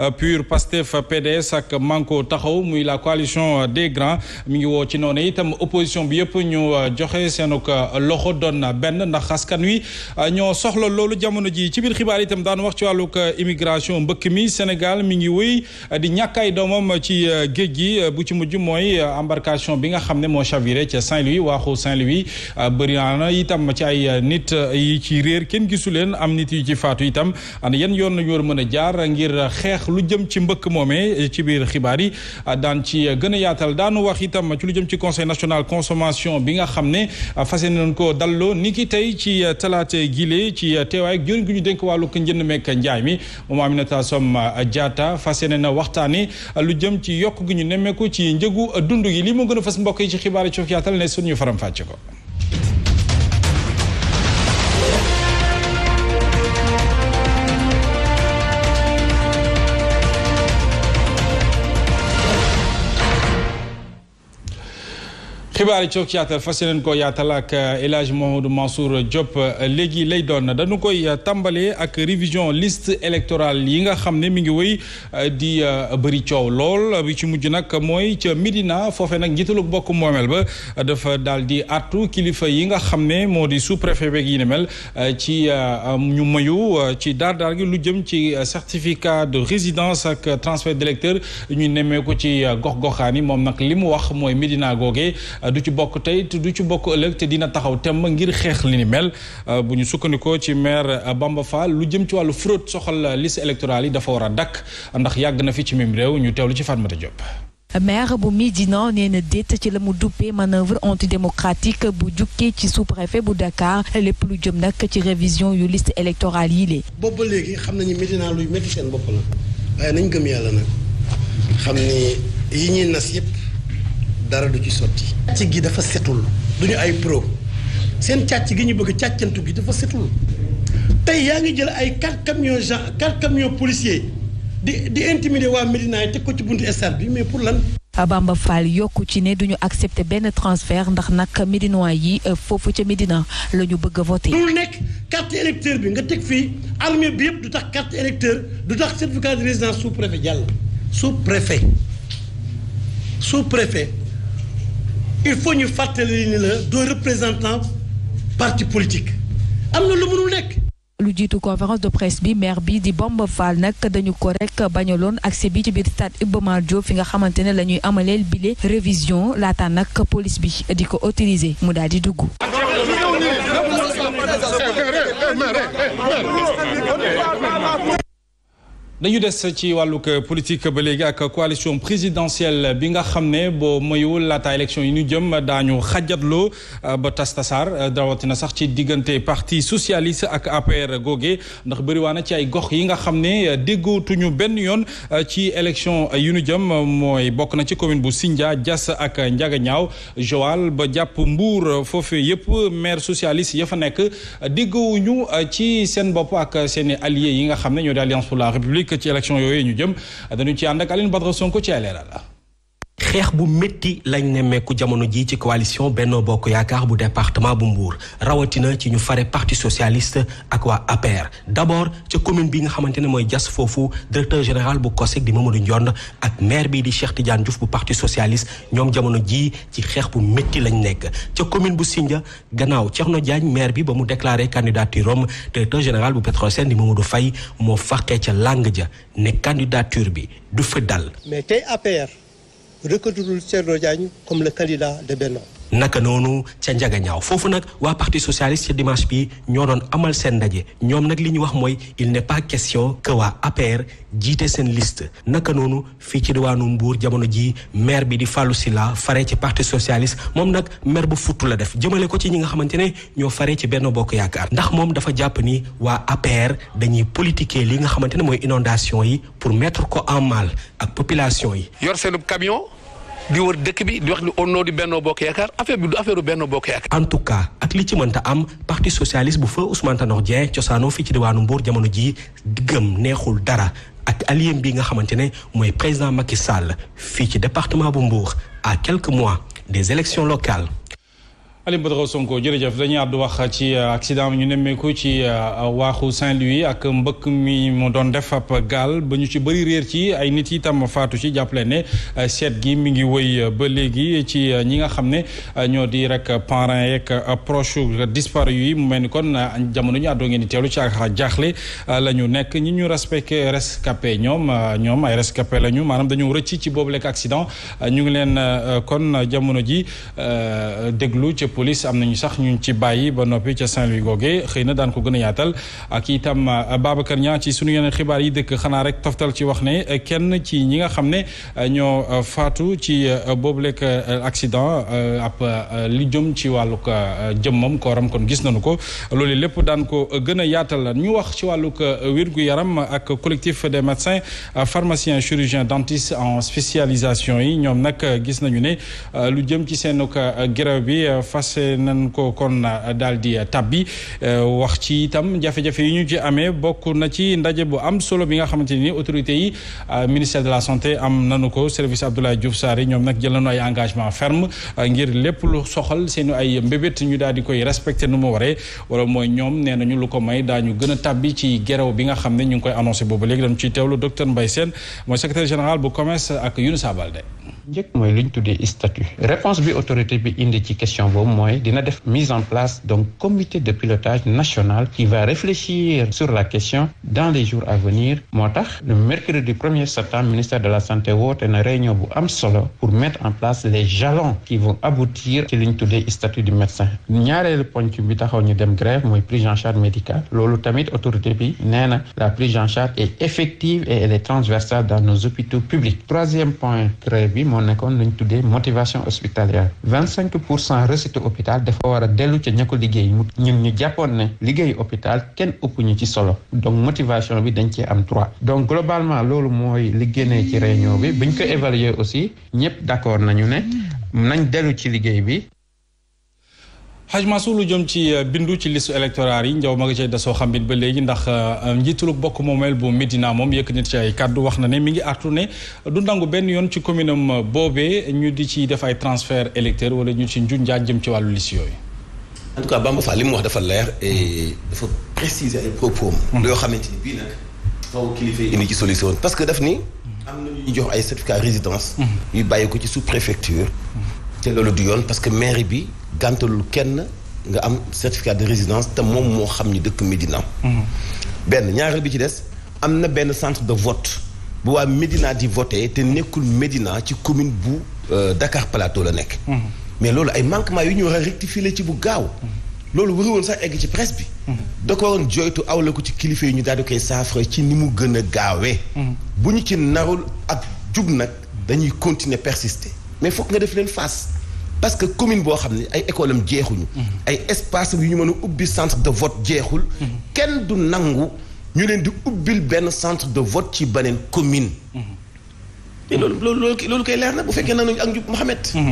Euh, PUR PASTEF PDS ak Manko taxaw muy la coalition euh, des grands mi ngi woo ci noonu itam opposition bi yëpp ñu euh, joxe seenuk loxo doon benn ndax askan wi ñoo soxla loolu jamono ji ci biir xibaar itam daan wax ci wàllug immigration mbëkk mi Sénégal mi ngi wéy di ñàkk ay doomam ci géej gi bu ci mujj mooy embarcation bi nga xam ne moo chaviré ca Saint-Louis waaxu Saint-Louis bëri na itam ci ay nit yi ci réer kenn gisu leen am nit yi ci faatu itam an yan yoon nañu war mën a jaar ngir xeex lu jëm ci mbëkk moomee eh, ci biir xibaar yi ah, daan ci eh, gën a yaatal daanu wax itam ci lu jëm ci conseil national consommation bi nga xam ne ah, fas yéene nañ ko dalloo ni ki tey ci eh, talaate gile ci teewaay jëriñ gu ñu dénk wàllu ko njënd meek njaay mi moom Aminata Assome jaata ah, fas yéene na waxtaane lu jëm ci yokk gi ñu nemmeeku ci njëgu dund gi lii moo gën a fas mbokk yi ci xibaar yi ci yaatal ne suñu faram fàcce ko xibaar yi coog yaatal fas yéeneen ko yaatal ak eh, El Hadj Mamadou Mansour eh, léegi lay doon na dañu koy eh, tàmbalee ak révision list électorale yi nga xam ne mi ngi wéy di bëri coow lool bi ci mujj nag mooy ca Médina foofe nag njiitalu bokk moomeel ba dafa daal di artu kilifa yi nga xam ne moo di sous-préfet beeg yi ne mel ci ñu mayu ci daar daar lu jëm ci certificat de résidence ak transfert d'électeur ñu nemmee ko ci gox goxaan yi moom nag li mu wax mooy Médina googee Euh, du ci bokk tey te du ci bokk ëllëg te dina taxaw temm ngir xeex li ni mel euh, bu ñu sukkandikoo ci maire euh, Bamba Fall lu jëm ci wàllu fraude soxal liste électorale yi dafa war a dakk ndax yàgg na fi ci mim réew ñu teew lu ci Fatmata Diop. maire bu Médina nee na déet ci la mu duppee manœuvre antidémocratique bu jukkee ci sous-préfet bu Dakar lépp lu jëm nag ci révision yu liste électorale yi lée boobu ba léegi xam nañu Médina luy métti seen boppa la waaye nañ gëm yàlla nag dara du ci sotti. càcc gi dafa setul duñu ay pro seen càcc gi ñu bëgg càccantu gi dafa setul tey yaa ngi jël ay quatre camions gen quatre camions policiers di di intimider waa Médina yi teg ko ci buntu stade bi mais pour lan. Bamba Fall yokk ci ne duñu accepter benn transfert ndax nag Médinois yi euh, foofu ca Médina la ñu bëgg a lu nekk carte électeur bi nga teg fii armée bi yëpp du tax carte électeur du tax certificat de résidence sous préfet jàll sous préfet sous préfet. il faut ñu fàttali ni la doo représentant parti politique am na lu lu jiitu conférence de presse bi maire bi di Bamba Fall nag dañu ko rek bañaloon accès bi ci biir stade Iba Mar fi nga xamante ne la ñuy amaleel bile révision laata nag police bi di ko autoriser mu daal di dugg. dañu des ci wàllug politique ba léegi ak coalition présidentielle bi nga xam ne boo moyul laata élection yi ñu jëm daañu xajatloo euh, ba tas tasaar euh, rawatina sax ci diggante parti socialiste ak APR googe ndax bëriwaana ci ay gox yi nga xam ne euh, déggootuñu benn yoon ci élection yu ñu jëm mooy bokk na ci commune bu Sindia Diass ak Ndiaganiao Joal ba jàpp mbuur foofu yëpp maire socialiste ya fa nekk déggoowuñu ci seen bopp ak seen allier yi nga xam ne ñoo di Alliance pour que ci élection yooyu ñu jëm dañu ci ànd ak Aline Badara Sonko ci ay leeral xeex bu métti lañ nemmeeku jamono ji ci coalition Benno Bokk Yaakaar bu département bu Mbour rawatina ci ñu fare parti socialist ak waa APR d'abord ca commune bi nga xamante ne mooy jas foofu directeur général bu COSEC di du Ndiond ak maire bi di Cheikh Tidiane Diouf bu parti socialiste ñoom jamono jii ci xeex bu métti lañ nekk ca commune bu Sindia gannaaw Thierno Diagne maire bi ba mu déclaré candidature am directeur général bu Petrosen di Mamadou Faye moo faqee ca làng ja ne candidature bi du fa dal reconnaître Thierno Diagne comme le candidat de Benno naka noonu ca njagañaaw foofu nag waa parti socialiste ca dimanche bi ñoo doon amal seen ndaje ñoom nag li ñu wax mooy il n'est pas question que waa appaire jiite seen liste naka noonu fii ci diwaanu mbuur jamono ji maire bi di Fallou la fare ci parti socialiste moom nag maire bu futtu la def jëmale ko ci ñi nga xamante ne ñoo fare ci benn bokk yaakaar ndax moom dafa jàpp ni waa APR dañuy politiquer li nga xamante ne mooy inondation yi pour mettre ko en mal ak population yi yor di wër dëkk bi di wax ni au nom du Benno Bokk Yaakaar affaire bi du affaire u Benno Bokk Yaakaar en tout cas ak li ci mënta am parti socialiste bu fa Ousmane Tanor Dieng cosaanoo fii ci diwaanu Mbour jamono jii diggam neexul dara ak aliem bi nga xamante ne mooy président Macky Sall fii ci département bu Mbour à quelque mois des élections locales Aliou Badara Sonko jërëjëf dañuy àddu wax ci euh, accident bi ñu nemmeeku ci euh, euh, waaxu Saint-Louis ak mbëkk mi mu doon def ab gaal ba ñu ci bëri réer ci ay nit yi tam faatu ci jàppale ne seet gi mi ngi wëy ba léegi ci ñi nga xam ne ñoo di rek parents yeeg proche disparu yi mu mel ni kon jamono ñu àddoo ngeen di teelu ci ak jaaxle la ñu nekk ñi ñu respecté rescapé ñoom ñoom ay rescapé la ñu maanaam dañoo rëcc ci boobu lekk accident ñu ngi leen kon jamono ji déglu ci police am nañu sax ñun ci bàyyi ba noppi ca Saint-Louis googee xëy na daan ko gën a yaatal ak itam euh, Babacar Niang ci sunu yeneen xibaar yi dëkk xanaa rek toftal ci wax ne euh, kenn ci ñi nga xam ne euh, ñoo faatu ci boobu lekk accident ab li jëm ci jëm moom kooram kon gis nañu ko loolu lépp daan ko gën a yaatal ñu wax ci wàllug wér-gu-yaram ak collectif des médecins pharmaciens chirurgiens dentistes en spécialisation yi ñoom nag gis nañu ne lu jëm ci seen grève bi commencé nañ ko kon euh, daal di euh, tabbi euh, wax ci itam jafe-jafe yi ñu ci amee bokk na ci ndaje bu am solo bi nga xamante ni autorités yi ministère de la santé am nanu ko service Abdoulaye Diouf Sarr ñoom nag jël nañu ay engagement ferme ngir lépp lu soxal seenu ay mbébét ñu daal di koy respecté nu mu waree wala mooy ñoom nee nañu lu ko may daañu gën a tabbi ci gerew bi nga xam ne ñu ngi koy annoncé boobu léegi dañu ciy teewlu docteur Mbaye Sène mooy secrétaire général bu commerce ak Younousa Baldé njëkk mooy lu ñu tuddee statut réponse bi autorité bi indi ci question boobu mooy dina def mise en place donc comité de pilotage national qui va réfléchir sur la question dans les jours à venir moo tax le mercredi 1er septembre ministère de la santé woote na réunion bu am solo pour mettre en place les jalons qui vont aboutir ci li ñu tuddee statut du médecin ñaareelu ponc bi taxaw ñu dem grève mooy prise en charge médicale loolu tamit autorité bi nee na la prise en charge est effective et elle est transversale dans nos hôpitaux publics troisième point grève bi moo nekkoon lañ tuddee motivation hospitalière vingt cinq pour cent recette hôpital dafa war a dellu ca ña ko liggéey mu ñun ñu jàppoon ne liggéey hôpital kenn ëpp ñu ci solo donc motivation bi dañ cee am trois donc globalement loolu mooy li génnee ci réunion bi buñ ko évaluer aussi ñëpp d'accord nañu ne nañ dellu ci liggéey bi Haj Mansour lu jëm ci euh, bindu ci liste électorale yi njaw ma nga cay desoo xam it ba léegi ndax euh, njiitulug bokk moomeel bu Médina moom yëkk nit ci ay kàddu wax na ne mi ngi artu ne du nangu benn yoon ci commune boobee ñu di ci def ay transfert électeur wala ñu ci njuñ njaaj jëm ci wàllu liste yooyu. en tout cas li mu wax dafa leer et dafa préciser ay propos am. yoo xamante ni bii nag faw kilifa indi ci solution parce que def ni. am na ñu jox ay certificat résidence. Mm-hmm. ñu bàyyi ko ci sous préfecture. te loolu parce que mairie bi. gàntalul kenn nga am certificat de résidence te moom moo xam ni dëkk Médina. Mhm. benn ñaareel bi ci des am na benn centre de vote bu waa Médina di voté te nekkul Médina ci commune bu euh, Dakar Plateau la nekk. Mhm. mais loolu ay manquement yu ñu war a rectifier la ci bu gaaw. Mhm. loolu wari woon sax egg ci presse bi. da ko waroon aw la ko ci kilifa yi ñu daal di koy saafara ci ni mu gën a gaawee. bu ñu ci narul ak jub nag dañuy continuer persister mais foog nga def leen face. parce que commune boo xam ne ay école am jeexuñu. Mhm. ay espace yu ñu mën a ubbi centre de vote jeexul. Mhm. kenn du nangu ñu leen di ubbil benn centre de vote ci beneen commune. mais mhm. loolu loolu koy leer na bu fekkee na nañu ak njub Mohamed. mi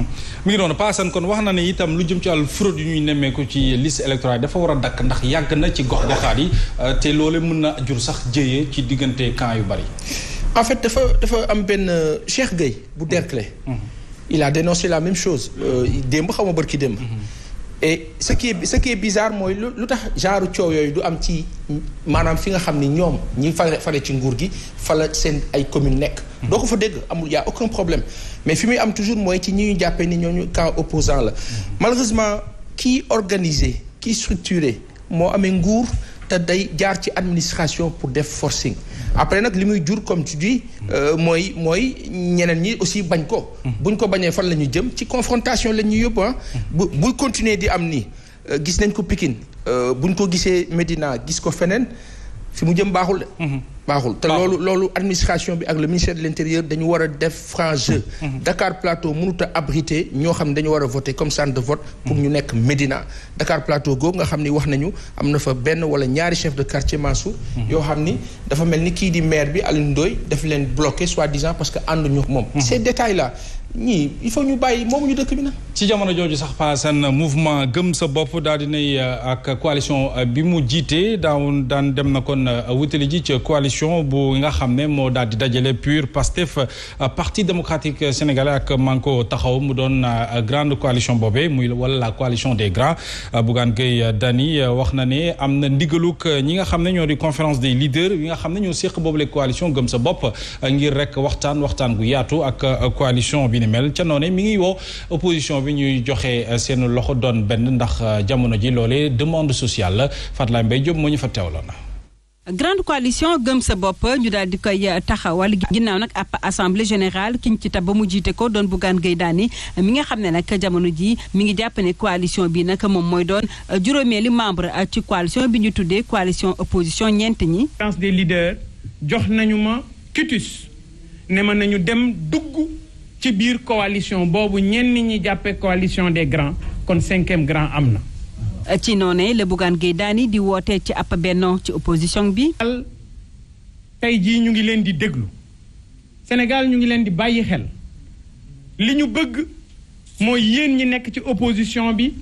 ngi noonu paasan kon wax na ne itam lu jëm ci wàllu fraude yu ñuy nemmeeku ci liste électorale dafa war a dàkk ndax yàgg na ci gox goxaat yi euh, te loole mën na jur sax jéyee ci diggante camp yu bari. en fait dafa dafa am benn euh, Cheikh Gueye bu Derklé. il a dénoncé la même chose euh, démb xaw ma barki démb et ce qui est ce qui est bizarre mooy lu tax genre coow yooyu du am ci maanaam fi nga xam ni ñoom ñi fare fare ci nguur gi fa la seen ay commune nekk doo ko fa dégg amul y a aucun problème mais fi muy am toujours mooy ci ñi ñu jàppee ni ñooñu camp opposant la malheureusement qui organiser qui structuré moo amee nguur te day jaar ci administration pour def forcing après nag li muy jur comme tu dis euh, mooy mooy ñeneen ñi aussi bañ ko buñ ko bañee fan la ñu jëm ci confrontation la ñuy yóbbu ah bu buy continuer di am ni euh, gis nañ ko Pikine euh, buñ ko gisee Médina gis ko feneen fi mu jëm baaxul de. Mhm. baaxul te loolu loolu administration bi ak le ministère de l' intérieur dañu war a def franc jeu. Mhm. Mhm. Dakar Plateau mënut a ñoo xam ne dañu war a voter comme centre de vote. pour ñu nekk Médina Dakar Plateau googu nga xam ni wax nañu am na fa benn wala ñaari chef de quartier Mansour. yoo xam ni dafa mel ni kii di maire bi Alioune Ndoye daf leen bloqué soi-disant parce que ànd ànduñu moom. ces détails là ñii il faut ñu bàyyi moomu ñu dëkk bi nag. ci jamono jooju sax pa seen mouvement gëm sa bopp daal dinay euh, ak coalition euh, bi mu jiitee daawoon daan dem na kon euh, wutali ji ci coalition bu nga xam ne moo daal di dajale PUR PASTEF parti démocratique sénégalais ak Manko taxaw mu doon grande coalition boobee muy wala la coalition des grands Bougane Gueye Dany wax na ne am na ndigaluk ñi nga xam ne ñoo di conférence des leaders yi nga xam ne ñoo séq boobule coalition gëm sa bopp ngir rek waxtaan waxtaan gu yaatu ak coalition bi ni mel ca noonu mi ngi woo opposition bi ñuy joxe eh, seen loxo doon benn ndax eh, jamono ji loole demande sociale la Fatlaye Mbaye Diop moo ñu fa teewloon. grande coalition gëm sa bopp ñu daal di koy eh, taxawal ginnaaw nag ab assemblée générale ki ñu ci tab ba mu jiite ko doon Bougane Gueye Dany mi nga xam ne nag jamono jii mi ngi jàpp ne coalition bi nag moom mooy doon juróomeeli membre ci coalition bi ñu tuddee coalition opposition ñeent ñi. conférence de leaders jox nañu ma quitus ne nañu dem dugg. ci biir coalition boobu ñenn ñi jàppee coalition des grands kon cinquième grand am na. ci noonee la Bougane Gueye di wootee ci ab bennoo ci opposition bi. tey jii ñu ngi leen di déglu Sénégal ñu ngi leen di bàyyi xel li ñu bëgg mooy yéen ñi nekk ci opposition bi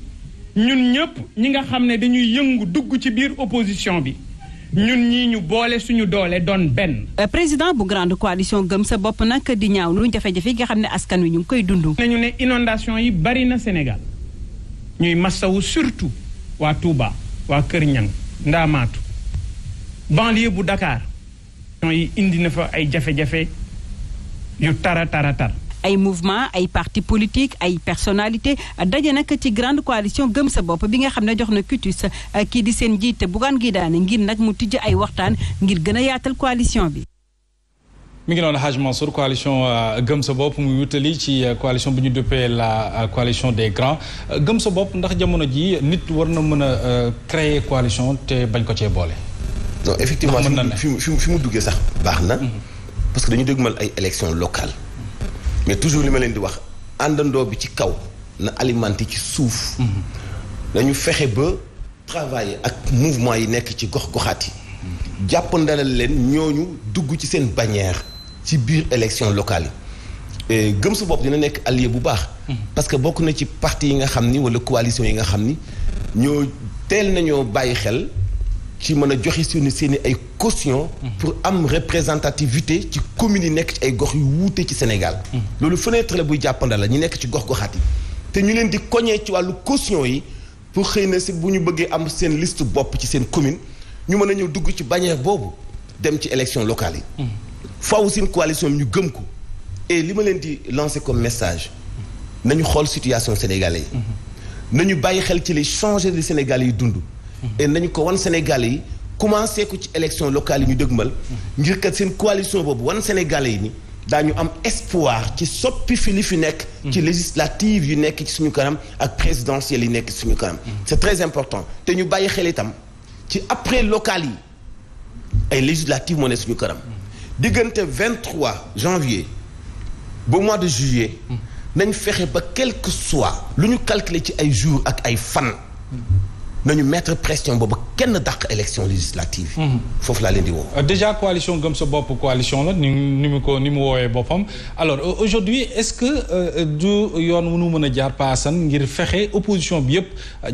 ñun ñëpp ñi nga xam ne dañuy yëngu dugg ci biir opposition bi. ñun ñii ñu boole suñu doolee doon benn. Euh, président bu grande coalition gëm sa bopp nag di ñaaw lu jafe-jafe yi nga xam ne askan wi ñu ngi koy dund. nañu ne inondation yi bari na Sénégal ñuy massawu surtout waa Touba waa Kër Ñang Ndaamaatu banlieue bu dakaar yi indi na fa ay jafe-jafe yu tara tara tar. ay mouvement ay parti politique ay personnalité daje nag ci grande coalition gëm sa bopp bi nga xam ne jox na cutis eh, kii di seen njiit Bougane Gueye Dany ngir nag mu tijj ay waxtaan ngir gën a yaatal coalition bi mi ngi noonu Haj Mansour coalition euh, gëm sa bopp muy wutali ci euh, coalition bu ñu duppee la euh, coalition des grands gëm sa bopp ndax jamono ji nit war na mën a créer coalition te bañ ko cee boole. non effectivement fi mu fi mu duggee sax baax na. Mhm. parce que dañu dégmal ay élections locale mais toujours li ma leen di wax àndandoo bi ci kaw na alimenté ci suuf. dañu fexe ba travailler ak mouvement yi nekk ci gox-goxaat yi. jàppandalal leen ñoo ñu dugg ci seen bannière ci biir élection locale yi gëm su bopp dina nekk allié bu baax. parce que bokk na ci parti yi nga xam ni wala coalition yi nga xam ni ñoo teel nañoo bàyyi xel. ci mën a joxe suñu seen ay caution mhm. pour am représentativité ci communes yi nekk ci ay gox yu wuute ci Sénégal mhm. loolu fenêtre la buy jàppandal la ñu nekk ci gox goxaat yi te ñu leen di koñee ci wàllu caution yi pour xëy na si bu ñu bëggee am seen liste bopp ci seen commune ñu mën a ñëw dugg ci bannière boobu dem ci élection locale yi mhm. faaw seen coalition ñu gëm ko et li ma leen di lancer comme message nañu xool situation sénégalais yi nañu bàyyi xel ci les changer Sénégal yi dund et nañu ko wan Sénégal yi commencé ko ci élection locale yi ñu dëgmal. ngir kat seen coalition boobu wan Sénégal yi ni ñu am espoir ci soppi fi li fi nekk. ci législative yi nekk ci suñu kanam ak présidentielle yi nekk ci suñu kanam. c'est très important te ñu bàyyi xel itam ci après locales yi ay législative moo ne suñu kanam. diggante 23 janvier ba mois de juillet. nañ fexe ba quel que soit lu ñu calculer ci ay jours ak ay fan. nañu mettre pression boobu kenn dàq élection législative mhm. foofu laa leen di woo euh, déjà coalition gëm sa bopp coalition la ni ni mu ko ni mu woowee boppam alors euh, aujourd'hui est-ce que euh, du yoon wu nu mën a jaar paasan ngir fexe opposition bi yëpp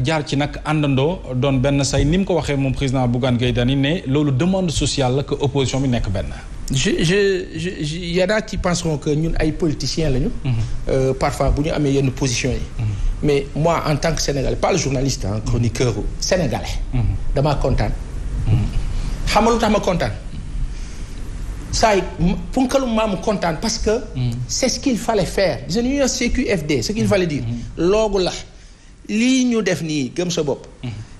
jaar ci nag àndandoo doon benn say ni mu ko waxee moom président Bougane Gueye Dany ne loolu demande sociale la que opposition bi nekk benn je je je y en a qui ñun ay politiciens lañu. Mhm. Euh, parfois bu ñu amee yenn position yi. Mhm. mais moi en tant que sénégalais pas le journaliste en chroniqueur sénégalais. Mhm. damaa kontaan. xam nga lu tax ma kontaan. saa yi punkalu maamu kontaan parce que. c'est ce qu'il fallait faire. je ne CQFD ce qu'il fallait dire. loogu la lii ñu def nii gëm sa bopp.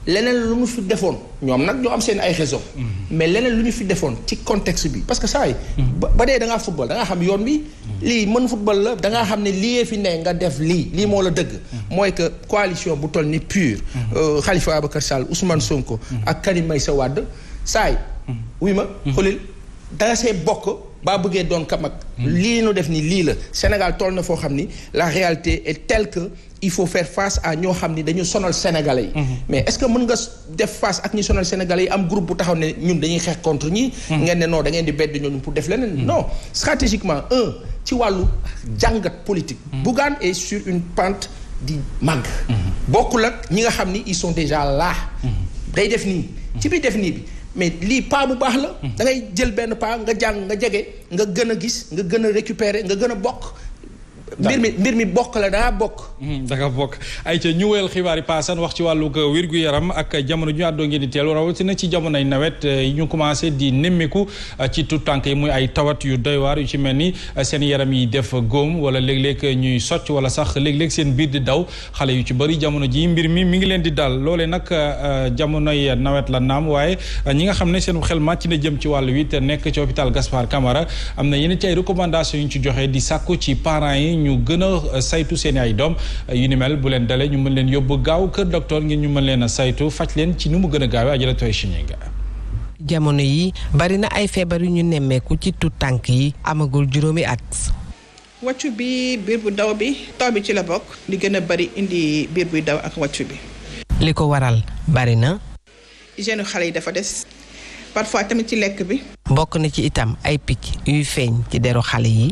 leneen lu ñu fi defoon ñoom nag ñoo am seen ay raison mhm. mais leneen lu ñu fi defoon ci contexte bi parce que saa yi mhm. ba dee da ngaa football da ngaa xam yoon bi mhm. lii mën football la da ngaa xam ne lii fi ne nga def lii lii moo la dëgg mooy que coalition bu toll ni PUR xalifa euh, Ababacar Sall Ousmane Sonko ak Karim Meïssa Wade saa yi wuy ma xulil danga see bokk baa bëggee doon kam ak lii nu def nii lii la Sénégal toll na foo xam ni la réalité et telle que il faut faire face à ñoo xam ni dañu sonal sénégalais yi. Mhm. mais est-ce que mën nga def face ak ñi sonal sénégalais yi am groupe bu taxaw ne ñun dañuy xeex contre ñi. Mhm. ngeen ne non da di bedd ñooñu pour def leneen. Mhm. non stratégiquement ci wàllu jàngat politique. Bougane est sur une pente di màgg. bokkul ak ñi nga xam ni ils sont déjà là. day def nii ci biir def nii bi. mais lii pas bu baax la. dangay jël benn paa nga jàng nga jege nga gën a gis nga gën a récupérer nga gën a bokk. mbir mi mbir mi bokk la daa bokk. Hmm, da bokk ay ca ñu wéyal xibaar yi paasan wax ci wàllug wér-gu-yaram ak jamono ju ñu àddoo ngeen di teelu ci jamonoy nawet eh, ñu commencé di nemmeeku eh, ci tout tànk yi muy ay tawat yu doy waar yu ci mel ni eh, seen yaram yi def góom wala léeg-léeg ñuy socc wala sax léeg-léeg seen biir di daw xale yu ci bëri jamono ji mbir mi mi ngi leen di dal loole nag jamonoy nawet la naam waaye ñi nga xam ne seen xel màcc na jëm ci wàll wi te nekk ci hôpital Gaspard Camara am na yenn ci ay recommandations yu ñu ci joxee di sàkku ci parents yi ñu gën euh, saytu seen ay doom euh, yu ni mel bu leen dalee ñu mën leen yóbbu gaaw kër docteur ngir ñu mën leen a saytu faj leen ci nu mu gën a gaawee ajalatoy chininga jamono yi bari na ay feebar yu ñu nemmeeku ci tu tànk yi amagul juróomi at. wàccu bi biir bu daw bi taw bi ci la bokk. li gën a bari indi biir buy daw ak wàccu bi. li ko waral bari na. hygiène xale yi dafa des. parfois tamit ci lekk bi. bokk na ci itam ay picc yuy feeñ ci deru xale yi.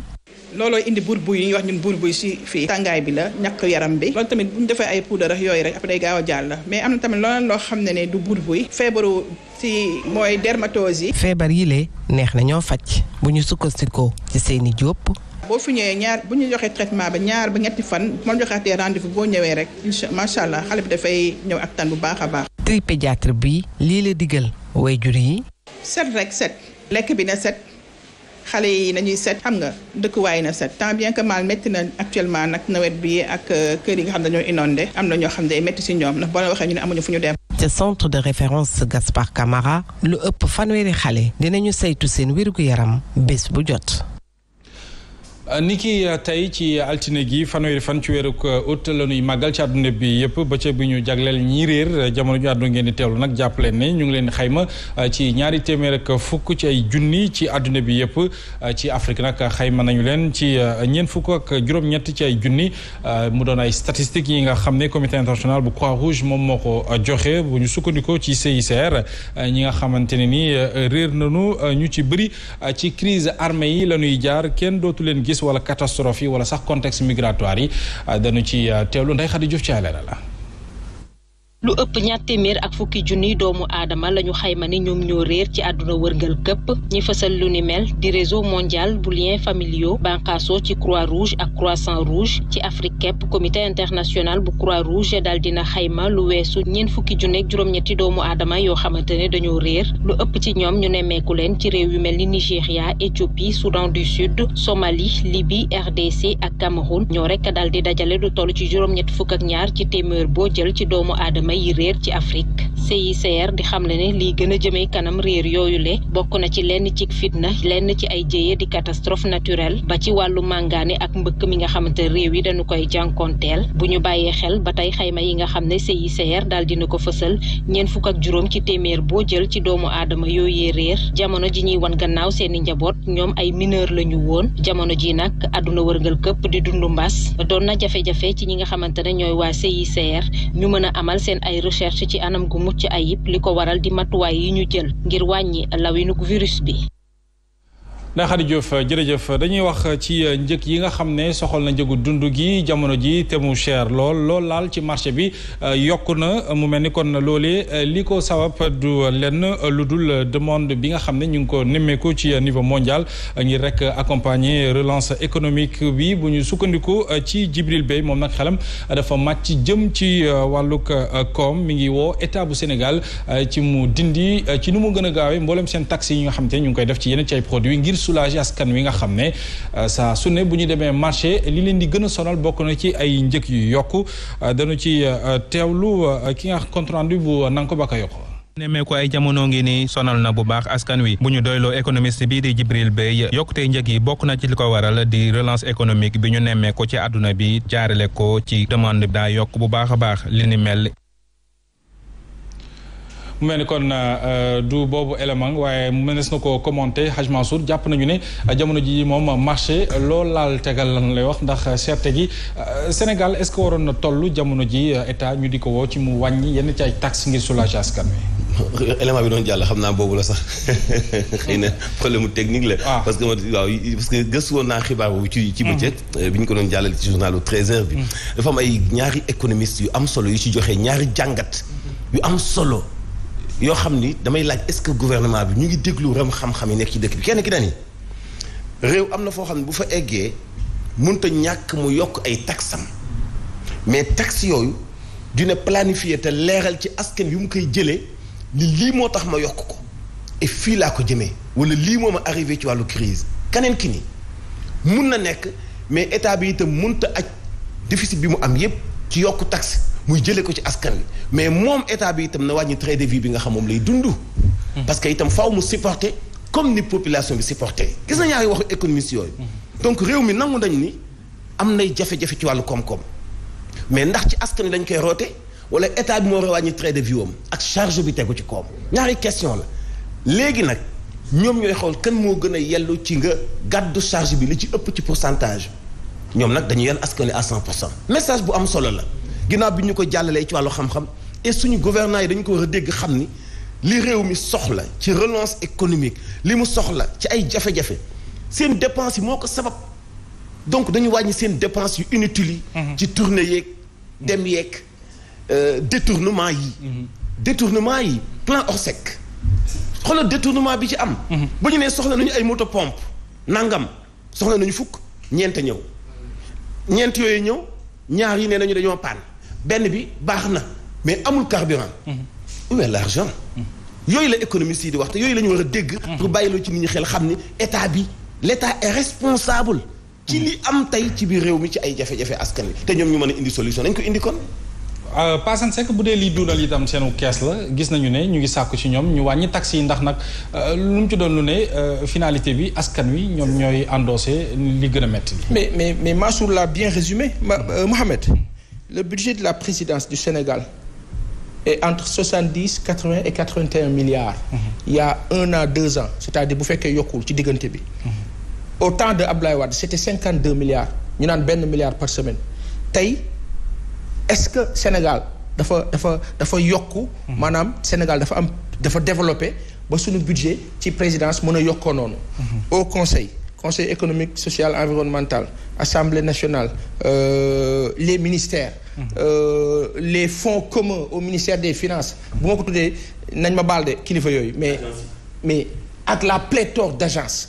looloo indi burbuy yi ñuy wax ñun burbuy si fii tàngaay bi la ñàkk yaram bi loolu tamit bu ñu defee ay poudre yooyu rek après day gaaw a jàll mais am na tamit loolu loo xam ne ne du burbuy feebaru si mooy dermatose yi feebar yi lee neex na ñoo faj bu ñu sukkandikoo ci seeni jóob boo fi ñëwee ñaar bu ñu joxee traitement ba ñaar ba ñetti fan bu ma joxaatee rendez-vous boo ñëwee rek incha macha allah xale bi dafay ñëw ak tan bu baax a baax tripédiatre bi lii la digal way jur yi set rek lekk bi na set xale yi nañuy set xam nga dëkkuwaay na set tant bien que mal métti na actuellement nag nawet bi ak euh, kër yi nga xam ne dañoo inondé am na ñoo xam ne day métti si ñoom ndax boo waxee ñu ne amuñu fu ñu dem. ca centre de référence Gaspard Camara lu ëpp fanweeri xale dinañu saytu seen wérgu yaram bés bu jot. Euh, ni ki euh, tey ci altine gi fanweeri fan ci weeruk euh, août la màggal ci àdduna bi yëpp bëccëg bi ñu jagleel ñi réer jamono ju àdduna ngeen di teewlu nag jàpp leen ne ñu ngi leen xayma ci ñaari téeméer ak fukk ci ay junni ci àdduna bi yëpp ci Afrique nag xayma nañu leen ci ñeent fukk ak juróom-ñett ci ay junni mu doon ay statistiques yi nga xam ne comité bu croix moom moo ko joxe bu ñu sukkandikoo ci CICR ñi nga xamante ne ni réer nañu ñu ci bëri ci crise armée yi la ñuy kenn dootu leen gis crise wala catastrophe wala sax contexte migratoire yi ah, danu ci ah, teewlu Ndeye Khady Diouf ci leeral la lu ëpp ñaar téeméer ak fukki junniy doomu aadama lañu xayma ni ñoom ñoo réer ci àdduna wërngal këpp ñi fësal lu ni mel di réseau mondial bu liens familiaux banqaaso ci croix rouge ak croissant rouge ci Afrique képp comité international bu croix rouge daal dina xayma lu weesu ñeent fukki junni ak doomu aadama yoo xamante ne dañoo réer lu ëpp ci ñoom ñu nemmeeku leen ci réew yu mel ni Nigéria Éthiopie Soudan du Sud Somalie Libye RDC ak Cameroun ñoo rek daal di dajale lu toll ci juróom-ñetti fukk ñaar ci téeméer boo jël ci doomu aadama xayma yi réer ci Afrique CICR di xamle ne lii gën a jëmee kanam réer yooyu le bokk na ci lenn ci fitna lenn ci ay jéye di catastrophe naturelle ba ci wàllu màngaane ak mbëkk mi nga xamante réew yi dañu koy jànkoonteel bu ñu bàyyee xel ba tey xayma yi nga xam ne yi CICR daal dina ko fësal ñeent fukk ak juróom ci téeméer boo jël ci doomu aadama yooyee réer jamono ji ñuy wan gannaaw seeni njaboot ñoom ay mineur la ñu woon jamono ji nag àdduna wërngal këpp di dundu mbaas doon na jafe ci ñi nga xamante ne ñooy waa CICR seen ay recherche ci anam gu mucc ayib li ko waral di matuwaay yi ñu jël ngir wàññi lawinug virus bi Ndeye Khady jërëjëf dañuy wax ci euh, njëg yi nga xam ne soxal na njëgu dund gi jamono ji te mu cher lool lool laal ci marché bi euh, yokk na mu mel ni kon loole euh, li ko sawab du lenn lu dul demande bi nga xam ne ñu ngi ko nemmeeku ci niveau mondial ngir rek accompagner relance économique bi bu ñu sukkandiku ci Jibril bay moom nag xelam dafa màcc jëm ci wàllug koom mu ngi woo état bu Sénégal ci mu dindi ci nu mu gën a gaawee mboolem seen taxes yi nga xam def ci yeneen ci ay ngir. soulager askan wi nga xam ne euh, sa su ne bu ñu demee marché li leen di gën a sonal bokk na ci ay njëg yu yokk euh, dañu ci euh, teewlu ki nga compte rendu bu nanga ko ba ko yokk nemmee ko ay jamono ngi ni sonal na bu baax askan wi bu ñu doyloo économiste bii di Jibril Bey yokkute njëg yi bokk na ci li ko waral di relance économique bi ñu nemmee ci àdduna bi jaarale ko ci demande bi daa yokk bu baax a baax li ni mel mu mel ni kon euh, euh, du boobu élément waaye mënees na koo commenté Hadj Mansour jàpp nañu ne euh, jamono ji moom marché lool laal tegal lan lay wax ndax cherté gi Sénégal est-ce que waroon na tollu jamono ji état ñu di ko woo ci mu wàññi yenn ci ay taxes ngir soulager askan wi. élément bi doon jàll xam naa boobu la sax xëy na problème technique la ah. parce que waaw parce gëstu woon naa xibaar boobu ci ci hmm. bëccëg bi ñu ko doon jàllale ci journalu 13h bi hmm. dafa am ay ñaari économistes yu am solo yu ci joxe ñaari jàngat yu am solo yoo xam ni damay laaj est-ce que gouvernement bi ñu ngi déglu ram xam-xam yi nekk ci dëkk bi kenn ki dani réew am na foo xam ne bu fa eggee mënta ñàkk mu yokk ay taxam mais tax yooyu dina planifier te leeral ci askan yu mu koy jëlee ni lii moo tax ma yokk ko fii laa ko jëmee wala lii moo ma arrivé ci wàllu crise keneen ki ni mun na nekk mais état bi itam mun mënta aj déficit bi mu am yépp ci yokk tax muy jëlee ko ci askan wi mais moom état bi itam na wàññi train de vie bi nga xam moom lay dund. parce que itam faw mu supporter comme ni population bi supporter gis na ñaari waxu économiste yooyu. donc réew mi nangu nañ ni am nay jafe-jafe ci wàllu koom-koom mais ndax ci askan wi lañ koy roote wala état bi moo war wàññi train de vie am ak charge bi tegu ci koom ñaari question la léegi nag ñoom ñooy xool kan moo gën a yellu ci nga gàddu charge bi li ci ëpp ci pourcentage ñoom nag dañu yal askan à 100 pour cent message bu am solo la. ginnaaw bi ñu ko jàllalee ci wàllu xam-xam et suñu gouvernants yi dañu ko war a dégg xam ni li réew mi soxla ci relance économique li mu soxla ci ay jafe-jafe seen dépense yi moo ko sabab donc dañu wàññi seen dépense yu inutiles yi mhm. ci tournée yeeg dem yeeg euh, détournement yi mhm. détournement yi plan Orsec xoolal détournement bi ci am mhm. ba ñu nee soxla nañu ay moto pompe nangam soxla nañu fukk ñeent ñëw ñeent yooyu ñëw ñaar yi nee nañu dañoo paan benn bi baax na mais amul carburant. Mhm. où est l'argent mhm. yooyu la économiste yi di wax te yooyu lañu ñu war a dégg. Mhm. pour bàyyiloo ci nit ñi xel xam ni état bi l' état est responsable. ci li am tey ci biir réew mi ci ay jafe-jafe askan wi. te ñoom ñu mën a indi solution nañ ko indi kon. Euh, Passane Seck bu dee lii duunal itam seenu kees la gis nañu ne ñu ngi sàkku ci ñoom ñu wàññi taxi yi ndax nag euh, lu mu ci doon lu ne euh, finalité bi askan wi ñoom ñooy endossé li gën a métti. mais mais mais Mansour l'a bien résumé Mohamed. le budget de la présidence du Sénégal est entre soixante-dix quatre-vingts et quatre-vingt-un milliards. Mhm. il a un an deux ans c'est-à-dire bu fekkee yokkul ci diggante bi. Mhm. au temps de Abdoulaye Wade c'était cinquante-deux milliards ñu naan benn milliard par semaine tey est-ce que Sénégal dafa dafa dafa yokku. Mhm. maanaam Sénégal dafa am dafa développé ba suñu budget ci présidence mun a yokkoo noonu. au conseil. conseil économique social environnemental assemblée nationale euh, les ministères mhm. euh, les fonds communs au ministère des finances bu ma ko tuddee nañ ma baal de kilifa yooyu mais mais ak la pléthore d'agences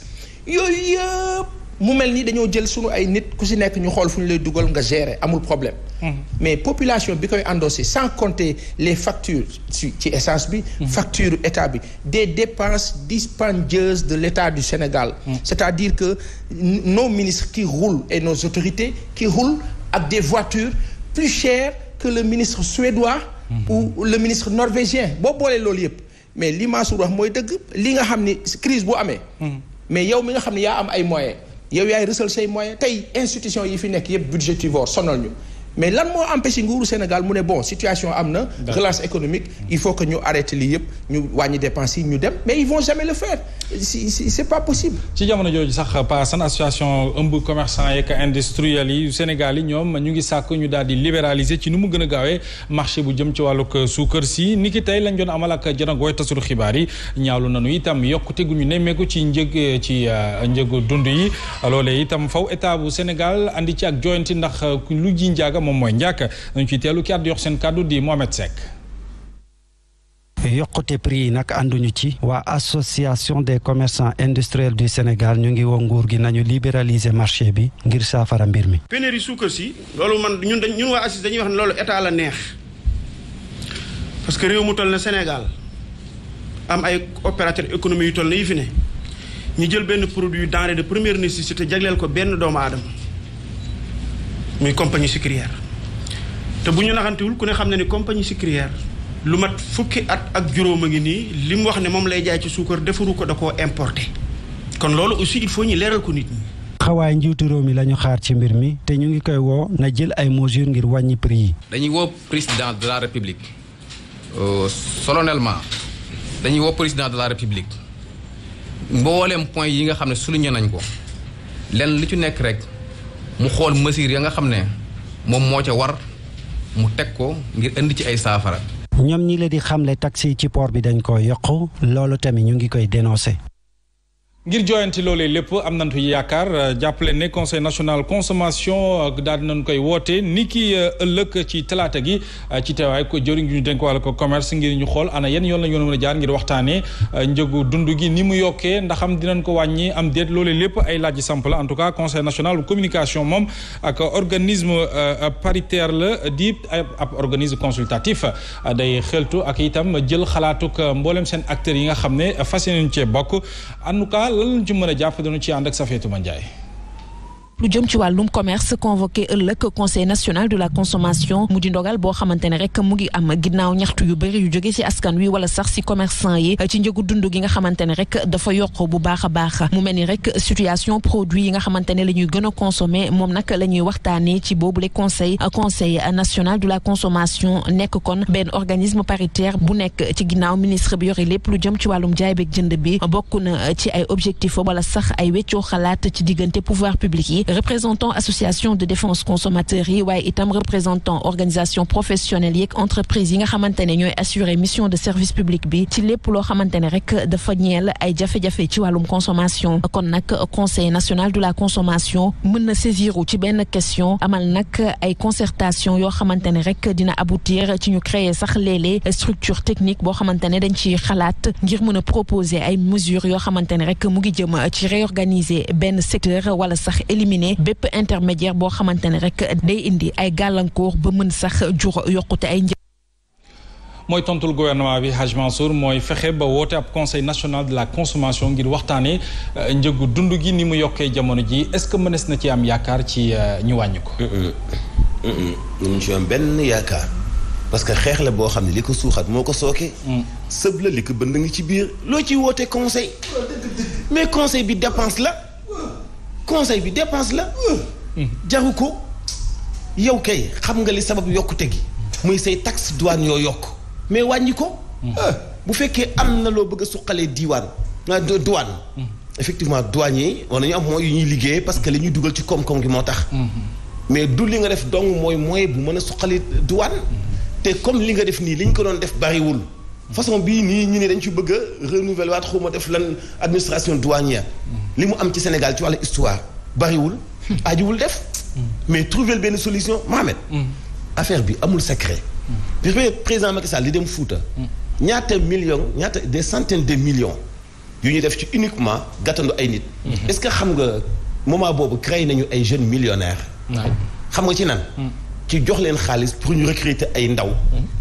yooyu yëpp mu mel nii dañoo jël sunu ay nit ku si nekk ñu xool fu ñu lay dugal nga gérer amul problème. Mm-hmm. mais population bi koy endossé sans compter les factures ci ci essence bi. Mm-hmm. facture état bi des dépenses dispendieuses de l'État du Sénégal. Mm-hmm. c'est-à-dire que nos ministres qui roulent et nos autorités qui roulent ak des voitures plus chères que le ministre suédois. ou le ministre norvégien boo boolee loolu yëpp. mais li Mansour wax mooy dëgg li nga xam ni crise bu amee. mais yow mi xam ni yaa am ay moyens. yow yaay rësal say moyens tey institution yi fi nekk yëpp budgétivore sonal ñu mais lan moo empêché nguuru Sénégal mu ne bon situation am na relance économique il faut que ñu arrêté lii yëpp ñu wàññi dépenses yi ñu dem mais ils vont jamais le faire si ci jamono jooju sax pa san association ëmb commerçant yeeg industriels yi Sénégal yi ñoom ñu ngi sàkk ñu daal di libéraliser ci nu mu gën gaawee marché bu jëm ci wàllug suukar si ni ki tey lañ doon amal ak janag wooy tasulu xibaar yi ñaawlu nanu itam yokkute gu ñu nemmeeku ci njëg ci euh, njëgu dund yi loolee itam faw état bu Sénégal andi ci ak joyanti ndax lu ji njaaga moom mooy njàkk dañu ci teelu ki àddu yox seen kàddu di Mohamed Seck yokkute prix yi nag ànduñu ci waa association des commerçants industriels du Sénégal ñu ngi woo nguur gi nañu libéraliser marché bi ngir saafara mbir mi. yi suukar si loolu man ñun dañ ñun waa ACIS dañuy wax ne loolu état la neex parce que réew mu toll na Sénégal am ay opérateurs économiques yu toll na yi fi ne ñu jël benn produit denrée de première nécessité jagleel ko benn doomu aadama. muy compagnie sucrière te bu ñu naxantewul ku ne xam ne ni compagnie sucrière lu mat fukki at ak juróom a ngi nii li mu wax ne moom lay jaay ci suukar defaru ko da ko importé kon loolu aussi il faut ñu leeral ko nit ñi. xawaay njiitu réew mi la ñu xaar ci mbir mi te ñu ngi koy woo na jël ay mesures ngir wàññi prix yi. dañuy woo président de la république euh, solennellement dañuy woo président de la république mbooleem point yi nga xam ne souligné nañ ko lenn li ci nekk rek. mu xool mesures ya nga xam ne moom moo ca war mu teg ko ngir indi ci ay saafara. ñoom ñi la di xamle taxi ci port bi dañ ko yokk loolu tamit ñu ngi koy dénoncé. ngir jooyanti loolee lépp am nañu yaakaar jàppale ne conseil national consommation euh, daal dinañ koy woote ni ki euh, ëllëg ci talaata gi euh, ci teewaay ko jëriñ ñu dénk wàllu ko commerce ngir ñu xool ana yenn yoon la ñu a jaar ngir waxtaane njëgu dund gi ni mu yokkee ndax am dinañ ko wàññi am déet loolee lépp ay laaj samp la en tout cas conseil national communication moom ak organisme paritaire la di ab organisme consultatif day xeltu ak itam jël xalaatuk mboolem seen acteurs yi nga xam ne fas cee bokk lan lañ ci mën a jàpp dañu ci ànd ak Safietou Ndiaye lu jëm ci wàllum commerce convoqué ëllëg conseil national de la consomation mu di ndogal boo xamante ne mu ngi am ginnaaw ñaxtu yu bëri yu jóge ci askan wi wala sax ci commerçant yi ci njëgu dund gi nga xamante ne rek dafa yokk bu baax a baax mu mel ni rek situation produit yi nga xamante ne la ñuy gën a consommer moom nag la ñuy waxtaanee ci boobule conseil conseil national de la consommation nekk kon benn organisme paritaire bu nekk ci ginnaaw ministre bi yore lépp lu jëm ci wàllum jaay beeg bi bokk na ci ay objectifs wala sax ay weccoo xalaat ci diggante pouvoir public yi représentant association de défense consommateurs yi waaye itam représentant organisation professionnelle yeeg entreprise yi nga xamante ne ñooy assurer mission de service public bi ci lépp loo xamante ne rek dafa ñeel ay jafe-jafe ci wàllum consommation kon nag conseil national de la consommation mën na saisir ci benn question amal nag ay concertation yoo xamante ne rek dina aboutir ci ñu créer sax léeg-léeg structure technique boo xamante ne dañ ci xalaat ngir mën a proposer ay mesures yoo xamante ne rek mu ngi jëm ci réorganiser benn secteur wala sax éliminer éliminer bépp intermédiaire boo xamante ne rek day indi ay gàllankoor ba mën sax jur yokkute ay njëg mooy tontul gouvernement bi Haj Mansour mooy fexe ba woote ab conseil national de la consommation ngir waxtaanee euh, njëgu dund gi ni mu yokkee jamono ji est-ce que mënees na ci am yaakaar ci euh, ñu wàññi ko. Euh, ñu yaakaar parce que xeex la boo xam ne li ko suuxat moo ko sooke. Hmm. sëb la li ko bënd ngi ci biir loo ciy woote conseil. mais conseil bi dépense la. conseil bi dépense la. jaru ko yow kay xam nga li sabab yokkute gi. muy say taxe douane yoo yokk. mais wàññi ko. bu fekkee am na loo bëgg a suqalee diiwaan ah douane. effectivement douane yi war nañu am mooy yu ñuy liggéeyee parce que li ñuy dugal ci koom-koom gi moo tax. mais du li nga def dong mooy mooy bu mën a suqalee douane. te comme li nga def nii li ñu ko doon def bariwul. façon bii nii ñu ne dañ ci bëgg a renouveler waat xaw ma def lan administration douanière li mu am ci Sénégal ci wàllu histoire bariwul aajuwul def mais trouver benn solution Mohamed affaire bi amul secret président Macky Sall li dem Fouta ñaata million ñaata des centaines de million yu ñu def ci uniquement gàttandu ay nit mm-hmm. est-ce que xam nga moment boobu créé nañu ay jeunes millionnaires xam nga ci nan mm. ci jox leen xaalis pour ñu recruter ay ndaw.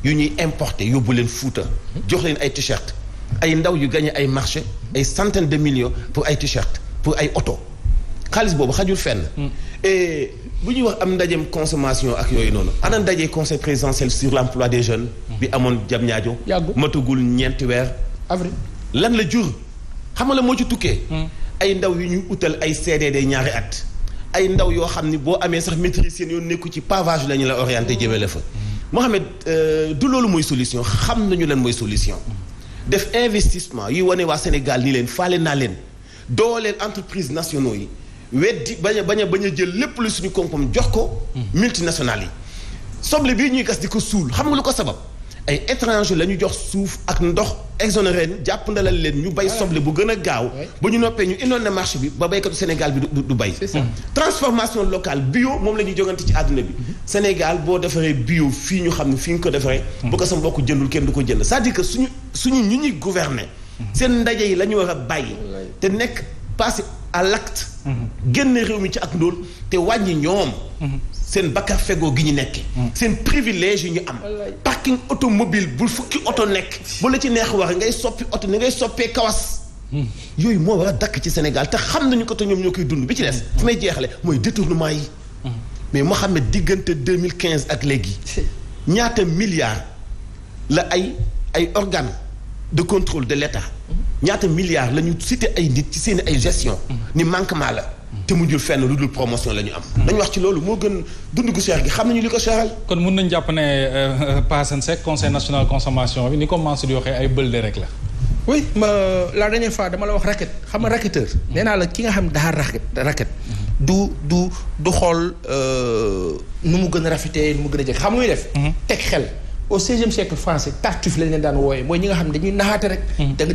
yu ñuy importer yóbbu leen Fuuta. jox leen ay t-shirt ay ndaw yu gagné ay marché ay centaines de millions pour ay t-shirt pour ay oto xaalis boobu xajul fenn. Mm. bu ñuy wax am ndajeem consommation ak yooyu noonu. ana ndaje conseil présidentiel sur l' emploi des jeunes. bi mm. amoon jam ñaajo matagul ñeenti weer. avril lan la jur xam nga la moo ci tukkee. Mm. ay ndaw yu ñuy utal ay CDD ñaari at. ay ndaw yoo xam ni boo amee sax maîtrise seen yoon nekku ci pavage la ñu la orienté jëmale fa Mohamed euh, du loolu mooy solution xam nañu leen mooy solution def investissement yi wane waa Sénégal ni leen faale naa leen dooleel entreprise nationaux yi weddi bañ a bañ a bañ a jël lépp lu suñu koom-koom jox ko hmm. multinationales yi soble bii ñuy gas di ko suul xam nga lu ko sabab ay étranger la ñu jox suuf ak ndox exonéré jàpp ndalal leen ñu bay soble bu gën a gaaw ba ñu noppee ñu indoon marché bi ba baykatu Sénégal bi du bay mm. transformation locale bio moom la ñuy jogante ci àdduna bi mm-hmm. Sénégal boo defaree bio fii ñu xam ne fii nga ko defaree mm. bu ko sa mbokk jëndul kenn du ko jënd c'est-à-dire que suñu suñu ñu ñuy gouverner mm-hmm. seen ndaje yi la ñu war a bàyyi te nekk passé à l'acte mm-hmm. génn réew mi ci ak ndóol te wàññi ñoom seen bakkar fegoo gi ñu nekk. Mm. seen privilège yu ñu am. parking automobile bu fukki oto nekk. bu la ci neex wax ngay soppi oto ni ngay soppee kawas. Mm. yooyu moo war a dakk ci Sénégal te xam nañu ko te ñoom ñoo koy dund bi ci des. Mm. fu may jeexale mooy détournement yi. mais moo xam ne diggante deux mille quinze ak léegi. ñaata milliards la ay ay organes de contrôle de l' état. ñaata milliards la ñu cité ay nit ci seen ay gestion ni manquement la. te mujjul fenn lu dul promotion la ñu am. Hmm. dañu wax ci loolu moo gën dund gu seex gi xam nañu li ko seexal. kon mun nañu jàpp ne euh, Paasane Seck conseil national consommation bi ni commencé di waxee ay bëlde rek la. oui ma la dernière dama la wax racket xam nga racketeur. Hmm. nee naa la ki nga xam daa racket raket hmm. du du du xool euh, nu mu gën a rafetee nu mu gën a jeg xam muy def. teg xel au seizième siècle français tartuffe lañ leen daan wooyee mooy ñi nga xam dañuy naxaate rek.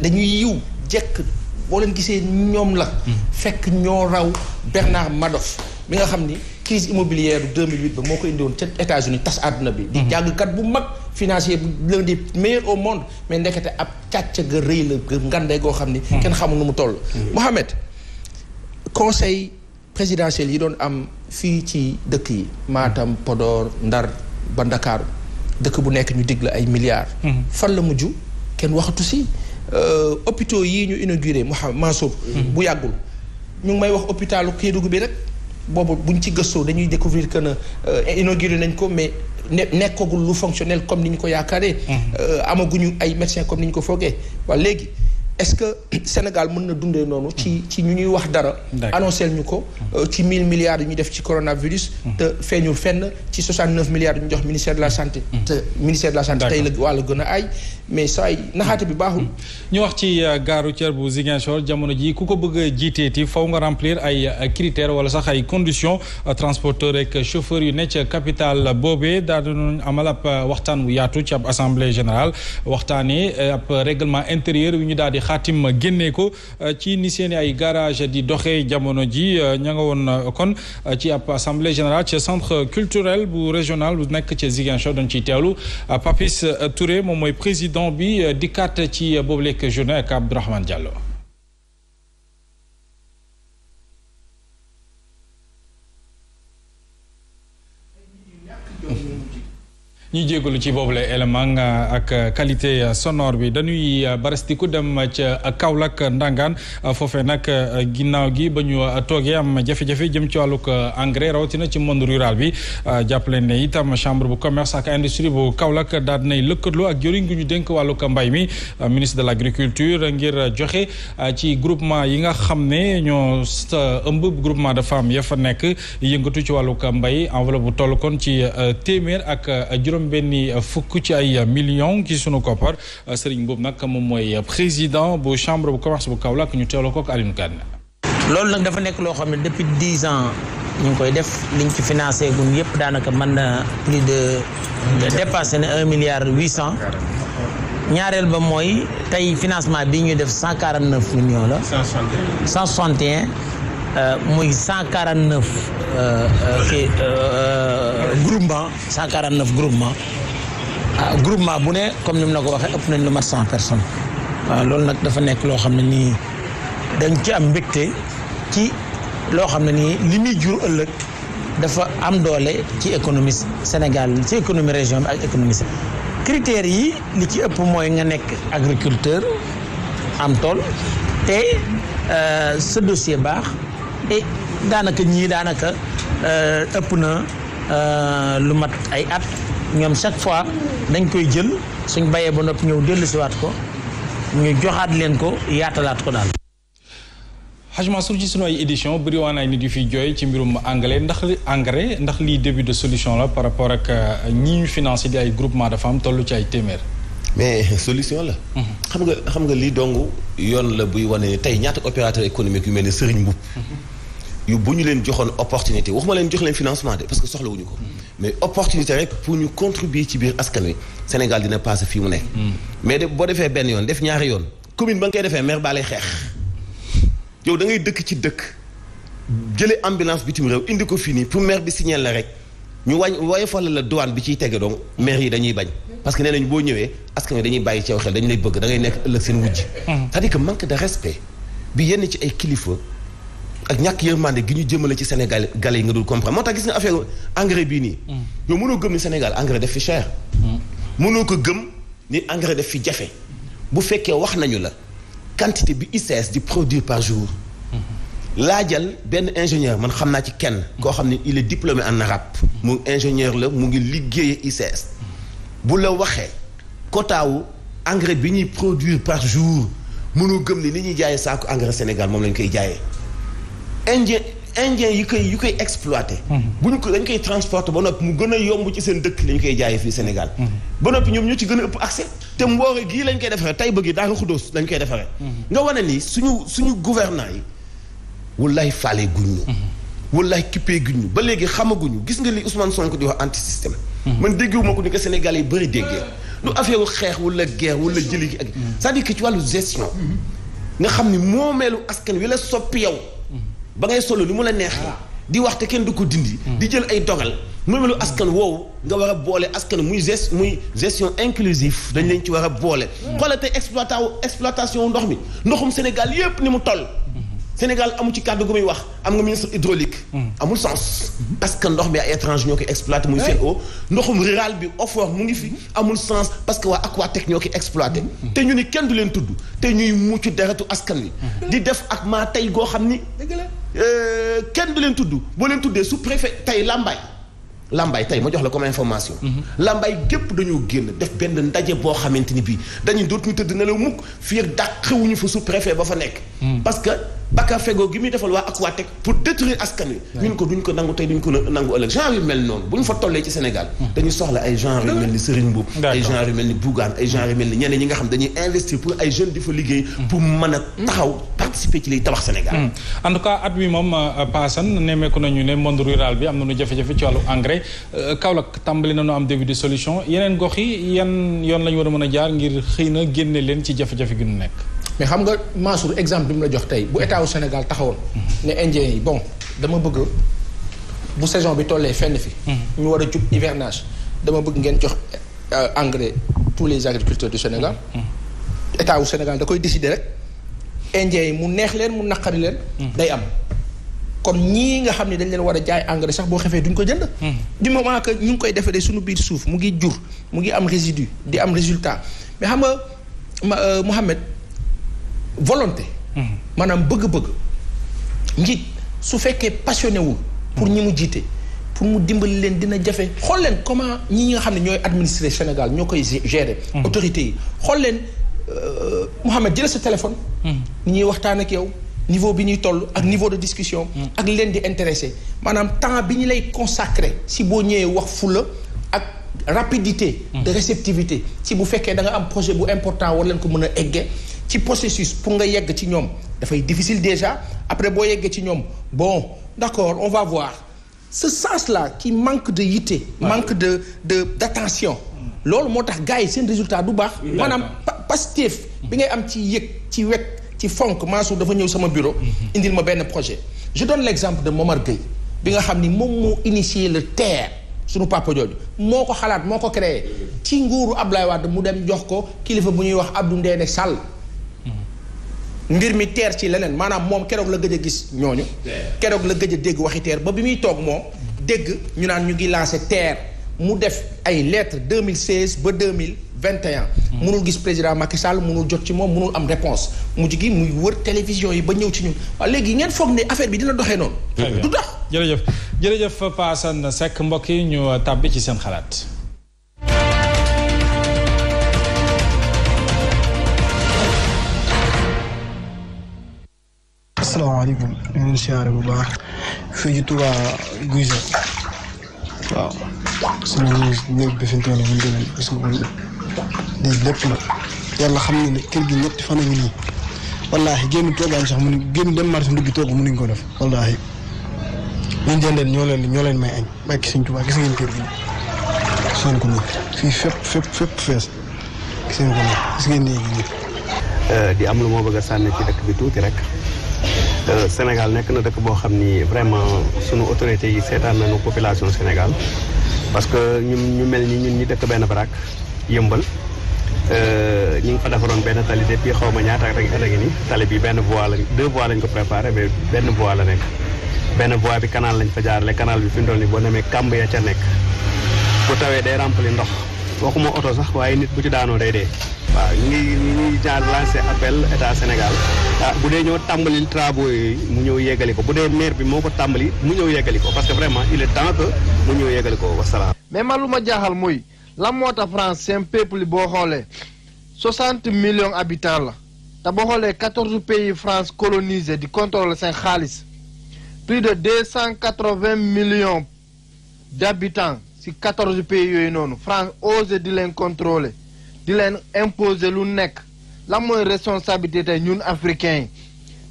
dañuy yiw jekk. boo leen gisee ñoom la. Hmm. fekk ñoo raw Bernard Madoff mi nga xam ni crise immobilière bu 2008 ba moo ko indiwoon ca États-Unis tas àdduna bi. di hmm. kat bu mag financier bu l'un des meilleurs au monde mais ndekete ab càcc ga rëy la ga ngande goo xam ni. Hmm. kenn xamul nu mu toll. Mohamed conseil présidentiel yi doon am fii ci dëkk yi. maatam Podor Ndar ba Ndakaaru dëkk bu nekk ñu dig ay milliards. fan la mujj kenn waxatu si. Euh, hôpitaux yi ñu inauguré Mouhamed Mansour mhm. bu yàggul ñu ngi may wax hôpitalu Kédougou bi rek boobu buñ ci gëstoo dañuy découvrir que na euh, inauguré nañ ko mais ne nekkagul lu fonctionnel comme ni ñu ko yaakaaree. Mhm. Euh, amaguñu ay médecins comme ni ñu ko foogee waa léegi est-ce que Sénégal mën na dundee noonu ci mhm. ci ñu ñuy wax dara annoncé ñu ko ci mille milliards yu ñu def ci coronavirus te feeñul fenn ci soixante-neuf milliards yu ñu jox ministère de la santé te ministère de la santé tey la waa la gën a ay mais saa yi naxaate bi baaxul. ñu wax ci euh, gare routière bu Ziguinchor jamono ji ku ko bëgg jiitee ti faw nga remplir ay euh, critères wala sax ay conditions euh, transporteur rek chauffeur yu ne ca capital boobee daal dinañ amal ab waxtaan bu yaatu ci ab assemblée générale waxtaanee ab règlement intérieur yu ñu daal di xaatim génnee ko ci ni seen ay garage di doxee jamono ji ña nga woon kon ci ab assemblée générale ci centre culturel bu régional bu nekk ci Ziguinchor dañ ciy teelu Papis Touré moom mooy président. bilan bi euh, dikkaat ci euh, boobu lekk journée ak Abdourahmane Diallo ñu jégalu ci boobu boobule élément euh, ak euh, qualité euh, sonore bi dañuy barastiku dem ca Kaolack Ndangaan foofe nag ginnaaw gi ba ñu toogee am jafe-jafe jëm ci wàllug engrais rawatina ci monde rural bi jàppale ne itam chambre bu commerce ak industrie bu kawlak daal di nay lëkkaloo ak jëriñ gu ñu dénk wàllug mbay mi ministre de l' agriculture ngir joxe ci groupement yi nga xam ne ñoo ëmb groupement de femmes ya fa nekk yëngatu ci wàllug mbay enveloppe bu toll kon ci téeméer ak juróom-benni fukk ci ay millions ci sunu koppar Serigne moom mooy président bu chambre bu commerce bu Kaolack ñu teewloo ko ak Alioune Kane. loolu nag dafa nekk loo xam ne depuis dix ans ñu ngi koy def liñ ci financé gun yëpp daanaka mën na plus de dépassé na un milliard huit cent. ñaareel ba mooy tey financement bi ñu def cent quarante neuf la. Euh, muy cent quarante neuf euh, euh, kii groupement cent quarante neuf groupement ah, groupement bu ne comme ni mu la ko waxee ëpp nañ lu mat cent personnes ah, loolu nag dafa nekk loo xam ne nii dañ ci am mbégte ci loo xam ne nii li muy jur ëllëg dafa am doole ci économie Sénégal ci économie région bi ak économie critères yi li ci ëpp mooy nga nekk agriculteur am tool te sa dossier baax et eh, daanaka ñii daanaka euh, ëpp na euh, lu mat ay at ñoom chaque fois dañ koy jël suñ bayee ba noppi ñëw waat ko ñu joxaat leen ko yaatalaat ko daal. Hadj Mansour ci sunu ay édition bëri waa naay nit yu fiy jooy ci mbirum anglais ndax engrais ndax lii début de solution la par rapport ak euh, ñi ñu financé di ay groupement de femmes toll ci ay téeméer. mais solution la. Mhm. xam nga xam nga lii dong yoon la buy wane tey ñaata opérateur économique yu mel ni Serigne Mboup. Mhm. yu bu ñu leen joxoon opportunité waxuma leen jox leen financement de parce que soxlawuñu ko. mais opportunité rek pour ñu contribuer ci biir askan wi Sénégal dina passé fii mu nekk. Mm. mais boo defee benn yoon def ñaari yoon. commune ba nga koy defee maire baa xeex yow da ngay dëkk ci dëkk jëlee ambulance bitim réew indi ko fii nii pour maire bi signer la rek ñu wàññi woyofal la douane bi ciy tege donc maire yi dañuy bañ. parce que nee nañ boo ñëwee askan wi dañuy bàyyi ci yow xel dañu lay bëgg da ngay seen wujj. Mm. cest à ci ay kilifa. ak ñàkk yërmande gi ñu jëmale ci Sénégal gale yi nga dul comprendre moo tax gis nga affaire engrais bi nii. Mm. yow mënoo gëm ni Sénégal engrais def fi cher. Mm. mënoo ko gëm ni engrais def fi jafe. bu fekkee wax nañu la quantité bi ICS di produit par jour. Mm-hmm. laajal benn ingénieur man xam naa ci kenn. koo xam ne ile est diplômé en arabe. mu ingénieur la mu ngi liggéeye ICS. Mm. bu la waxee quota wu engrais bi ñuy produit par jour mënoo gëm ni li ñuy jaayee saako engrais Sénégal moom lañ koy jaayee. indien indien yi koy yi koy exploité mhm. bu ñu ko dañ koy transporté ba noppi mu gën a yomb ci seen dëkk lañu koy jaaye fii Sénégal mhm. ba noppi ñoom ñoo ci gën a ëpp accès te mboore gii lañ koy defaree tey bëgg daa nga xudóos lañ koy defaree mhm. nga wane ni suñu suñu gouvernant yi wallaay faale guñ ñu wallaay kippee guñ ñu ba léegi xamaguñu gis nga li Ousmane Sonko di wax anti système man déggeewuma ko ni ko Sénégal yi bëri déggee ah. du affaire xeex wala guerre wala jëli ak cest ci wàllu gestion nga xam ni moomeelu askan wi la soppi yow ba ngay solo lu mu la neex di wax te kenn du ko dindi hmm. di jël ay dogal mëmelu askan woowu nga war a boole askan muy gest muy gestion inclusive dañ leen ci war a boole hmm. xoolal tey exploita exploitation ndox mi ndoxum Sénégal yépp ni mu toll hmm. Sénégal amu ci kàddu gu muy wax am nga ministre hydraulique amul sens parce que ndox mi ay étranger ñoo koy exploité muy seen eau ndoxum rural bi offshore mu ngi fi amul sens parce que waa Aquatech ñoo koy exploité te ñu ni kenn du leen tudd te ñuy mucc deretu askan wi di def tey goo xam ni Euh, kenn du leen tudd boo leen tuddee sous préfet tey Lambaye Lambaye tey ma jox la comme information. Mhm. Lambaye gépp dañoo génn def benn ndaje boo xamante ni bii dañuy dootuñu tëdd nelaw mukk fii ak dàqewuñu fa sous préfet ba fa nekk. Mhm. parce bakka fegoo gi muy defal waa Aquatec pour détruire askan wi. ñun ko duñ ko nangu tey duñ ko nangu ëllëg genre yu mel noonu bu ñu fa tollee ci Sénégal. Hmm. dañu soxla ay genre yu mel ni Serigne Mboup. ay genre yu mel ni Bougane ay genre yu mel ñi nga xam dañuy investir pour ay jeunes di fa liggéey. Hmm. pour mën a hmm. taxaw participer ci liy tabax Sénégal. en tout cas at wi moom euh, paasan nemmeeku nañu ne monde rural bi am nañu jafe-jafe ci wàllu engrais euh, Kaolack tàmbali na nañu am début de solution yeneen gox yi yan yoon la war a mën a jaar ngir xëy na génne leen ci jafe-jafe gi nekk mais xam nga Mansour exemple bi mu la jox tey bu état wu Sénégal taxawoon. ne Indien yi bon dama bëgg bu saison bi tollee fenn fi. Mhm. ñu war a jub hivernage dama bëgg ngeen jox euh, engrais tous les agriculteurs du Sénégal. Mhm. état wu Sénégal da koy décider rek. Indien yi mu neex leen mu naqari leen. Mhm. day am kon ñii nga xam ne dañ leen war a jaay engrais sax boo xefee duñ ko jënd. du moment que ñu ngi koy defaree suñu biir suuf mu ngi jur mu ngi am résidu di am résultat mais xam nga euh, Mouhamed. volonté. Mhm. maanaam bëgg-bëgg. njiit su fekkee passionné wul. pour ñi mu jiite. pour mu dimbali leen dina jafe xool leen comment ñi ñi nga xam ne ñooy administrer Sénégal ñoo koy gérer. Mhm. autorités yi xool leen euh, Mouhamed jël sa téléphone. Mhm. ni ñuy waxtaan ak yow niveau bi ñuy toll ak niveau de discussion. ak leen di intéressé maanaam temps bi ñu lay consacré si boo ñëwee wax fula ak rapidité. de réceptivité si bu fekkee danga am projet bu important war leen ko mën a eggee. ci processus pour nga yegg ci ñoom dafay difficile déjà après boo yeggee ci ñoom bon d'accord on va voir ce sens-là qui manque de yitte manque de de d'attention loolu moo tax gars yi seen résultat du baax maanaam Pastef bi ngay am ci yëg ci wet ci fonk Mansour dafa ñëw sama bureau mhm. indil ma benn projet je donne l'exemple de Momar Gueye bi nga xam ni moom moo initié le TER sunu papa jooju moo ko xalaat moo ko créé ci nguuru Abdoulaye Wade mu dem jox ko kilifa bu ñuy wax Abdou Ndéné Sall ngir mi teer ci leneen maanaam moom keroog la gëj a gis ñooñu. keroog la gëj a dégg waxi teer ba bi muy toog moom. dégg ñu naan ñu ngi lancé teer mu def ay lettres 2016 ba 2021. munul gis président Macky Sall munul jot ci moom munul am réponse mujj gi muy wër télévision yi ba ñëw ci ñun waaw léegi ngeen foog ne affaire bi dina doxe noonu. du dox jërëjëf jërëjëf Pa Assane Seck mbokk yi ñu tàbbi ci seen xalaat. asalaamaaleykum ñu ngi leen siyaare bu baax fii ci Touba Guy Jot waaw suñu néeg bi fi ñu toll nii la xam na ne kër gi ñetti fan a ngi nii wallaahi génn toogaan sax mu ne génn dem marché ndugg toog mënuñ ko def wallaahi ñun jëndeen ñoo leen ñoo leen may añ bàkki Sëñ Tuubaa gis ngeen kër gi seen ko nii fii fépp fépp fépp fees gis ngeen ko nii ki ngeen néegi nii euh, di am moo bëgg a sànni ci dëkk bi tuuti rek Euh, Sénégal nekk na dëkk boo xam ni vraiment sunu autorité yi seetaan nañu population Sénégal parce que ñun ñu mel ni ñun ñu dëkk benn barak yëmbal euh, ñu ngi fa defaroon benn tali depuis xaw ma ñaata ak rek ni tali bi benn voie lañ deux voies lañ ko préparé mais benn voie la nekk. benn voie bi canal lañ fa jaarale canal bi fi mu toll nii boo nemee kàmb ya ca nekk bu tawee day rempli ndox waxuma oto sax waaye nit bu ci daanoo day dee. waaw ñu ngi ñu ngi jaar lancé appel état Sénégal ah bu dee ñoo tàmbali travaux yooyu mu ñëw yeggali ko bu dee maire bi moo ko tàmbali mu ñëw yeggali ko parce que vraiment il est temps que mu ñëw yeggali ko wasalaam. mais man lu ma jaaxal mooy lan moo tax France seen peuple boo xoolee soixante millions habitants la te boo xoolee quatorze pays France colonisé di controle seen xaalis plus de deux cent quatre-vingts millions d' habitants si quatorze pays yooyu noonu France ose di leen contrôler. di leen imposer lu nekk lan mooy responsabilité tey ñun africains yi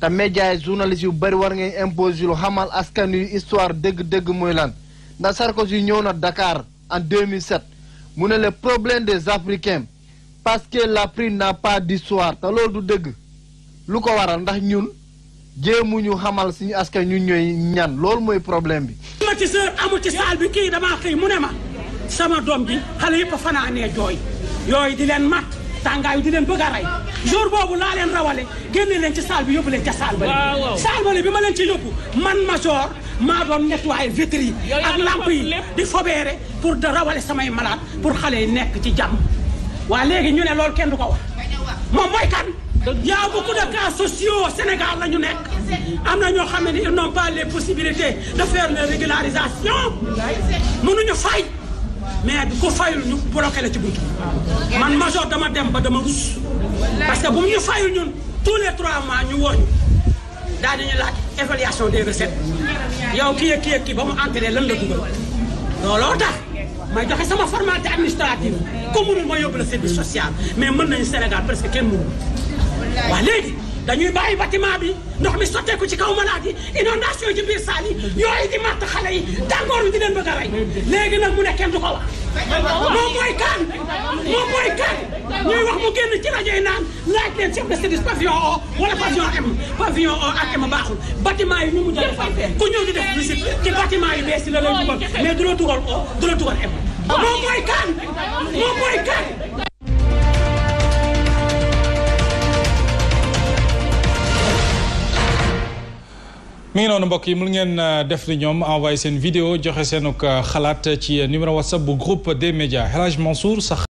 te médias yi journalistes yu bëri war ngay imposer lu xamal askan yu histoire dëgg-dëgg mooy lan ndax Sarkozy ñëw na Dakar en 2007 mu ne leen problème des africains parce que l'Afrique n'a pas d'histoire te loolu du dëgg lu ko waral ndax ñun ñu xamal suñu askan ñun ñooy ñan loolu mooy problème bi. climatiseur amul ci saal bi kii damaa xëy mu ne ma sama doom bi xale yëpp fanaanee jooy. yooyu di leen mat tàngaay di leen bëgg a rey jour boobu laa leen rawale génne leen ci salle bi yóbbu leen ca salle ba salle bi ma leen ci yóbbu man major maa doon nettoyé vitres yi ak lamp yi di fobeere pour rawale samay malade pour xale yi nekk ci jàmm waa léegi ñu ne lool kenn du ko wax moom mooy kan yaa beaucoup de cas sociaux Sénégal la ñu nekk am na ñoo xam ne ils n'ont pas les possibilités de faire la régularisation mënuñu fay mais du ko fayul ñu bloqué la ci buntu man major dama dem ba dama rus parce que bu mu ñu fayul ñun tous les trois mois ñu woo ñu daal di ñu laaj évaluation des recettes yow ki ak ki ak kii ba mu entré lan la dugal looloo tax may joxe sama formalité administrative ku mënul ma yóbbu la service social mais mën nañu Sénégal presque kenn mënul waa léegi. dañuy bàyyi bâtiment bi ndox mi sotteeku ci kaw malade yi inondation ci biir saal yi yooyu di matt xale yi tàngoor bi di leen bëgg a rey léegi nag mu ne kenn du ko wax moom mooy kan moom mooy kan wax mu génn ci rajo yi naan laaj leen chef de service pavillon O wala pavillon M pavillon O ak M baaxul bâtiment yi ñu mu jël ku ñëw di def visite ci bâtiment yu bees yi la lay dugal mais du la dugal O du la dugal M moom mooy kan moom mooy kan mi ngi noonu mbokk yi mën ngeen euh, def ñoom envoyé seen vidéo joxe seenuk euh, xalaat ci euh, numéro whatsapp bu groupe des médias El Hadj Mansour sax